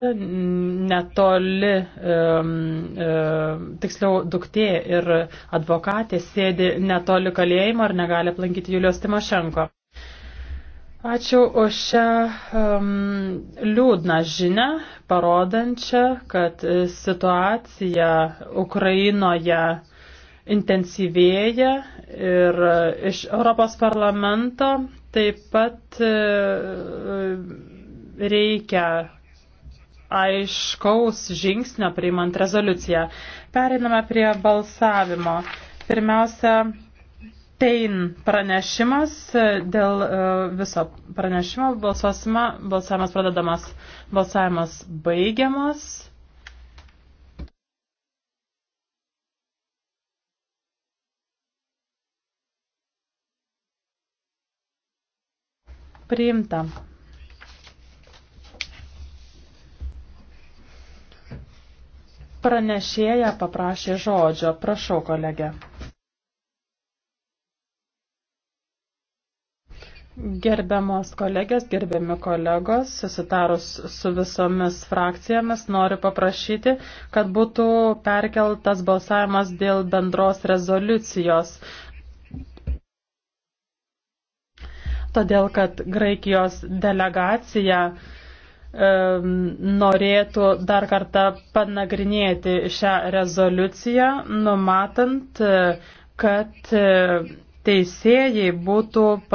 netoli, tiksliau, duktė ir advokatė sėdi netoli kalėjimo ir negali aplankyti Julius Timošenko. Ačiū už šią um, liūdną žinę, parodančią, kad situacija Ukrainoje intensyvėja ir iš Europos parlamento taip pat e, reikia aiškaus žingsnio priimant rezoliuciją. Periname prie balsavimo. Pirmiausia, Tein pranešimas dėl e, viso pranešimo balsuosime. Balsavimas pradedamas. Balsavimas baigiamas. Priimta. Pranešėja paprašė žodžio. Prašau, kolegė. Gerbiamos kolegės, gerbiami kolegos, susitarus su visomis frakcijomis, noriu paprašyti, kad būtų perkeltas balsavimas dėl bendros rezoliucijos. Todėl, kad Graikijos delegacija norėtų dar kartą panagrinėti šią rezoliuciją, numatant, e, kad e, teisėjai būtų